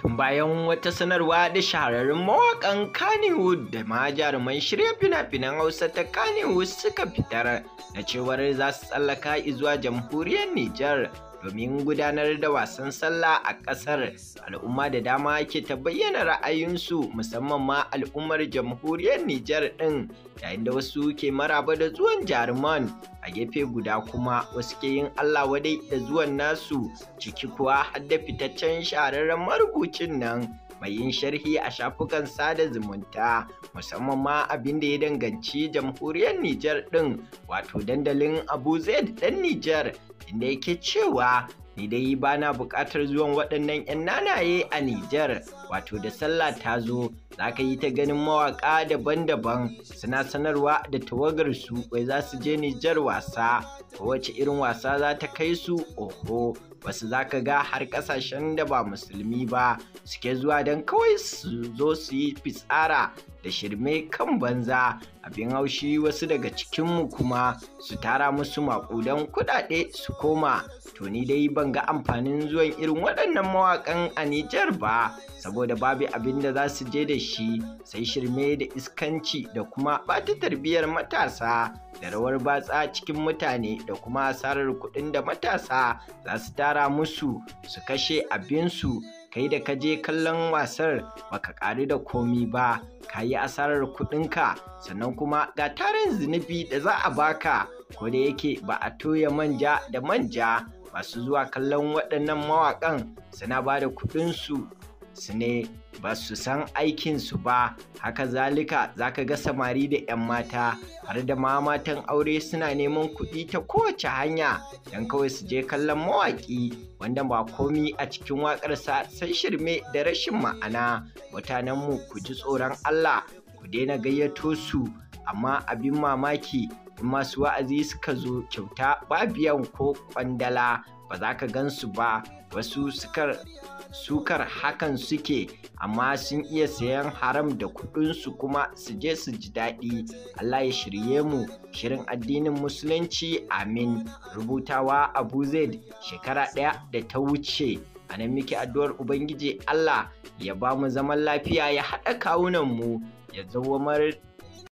tun bayan wata sanarwa da shahararrun mawakan Kannywood da ma jaruman shirya fina-finan Hausa ta Kannywood suka fitar na cewar za su tsallaka izuwa jamhuriyar Nijar domin gudanar da wasan sallah a ƙasar al'umma da dama ke ta bayyana ra'ayinsu musamman ma al'ummar jamhuriyar Nijar ɗin yayin da wasu ke maraba da zuwan jaruman a gefe guda kuma wasu ke yin Allah wadai da zuwan nasu ciki kuwa har da fitaccen shahararren marubucin nan mai yin sharhi a shafukan sada zumunta musamman ma abin da ya danganci jamhuriyar Nijar ɗin wato dandalin Abu Zaid ɗan Nijar inda yake cewa ni dai ba na buƙatar zuwan waɗannan 'yan nanaye a Nijar wato da sallah ta zo za ka yi ta ganin mawaƙa daban-daban suna sanarwa da tawagar su wai za su je Nijar wasa ko wace irin wasa za ta kai su oho wasu za ka ga har ƙasashen da ba musulmi ba suke zuwa don kawai su zo su yi fitsara da shirme kan banza abin haushi wasu daga cikinmu kuma su tara musu maƙudan kuɗaɗe su koma to ni dai ban ga amfanin zuwan irin waɗannan mawakan a Nijar ba saboda babu abin da za su je da shi sai shirme da iskanci da kuma ɓata tarbiyyar matasa da rawar batsa cikin mutane da kuma asarar kuɗin da matasa za su tara musu su kashe abinsu kai da ka je kallon wasar baka ƙari da komi ba ka yi asarar kuɗinka sannan kuma ga tarin zunubi da za a baka ko da yake ba a toya manja da manja masu zuwa kallon waɗannan mawaƙan suna ba da kuɗinsu su ne ba su san aikinsu ba haka zalika za ka ga samari da 'yan mata har da ma matan aure suna neman kuɗi ta kowace hanya don kawai su je kallon mawaƙi wanda ba komi a cikin waƙarsa sai shirme da rashin ma'ana mutanenmu ku ji tsoron allah ku daina gayyato su amma abin mamaki in masu wa'azi suka zo kyauta babiyan ko kwandala ba za ka gansu ba wasu suka sukar hakan suke amma sun iya sayan haram da kuɗinsu kuma su je su ji daɗi Allah ya shirye mu shirin addinin musulunci amin rubutawa abu zaid shekara ɗaya da ta wuce a nan muke addu'ar ubangiji Allah ya ba mu zaman lafiya ya haɗa kawunan mu ya zama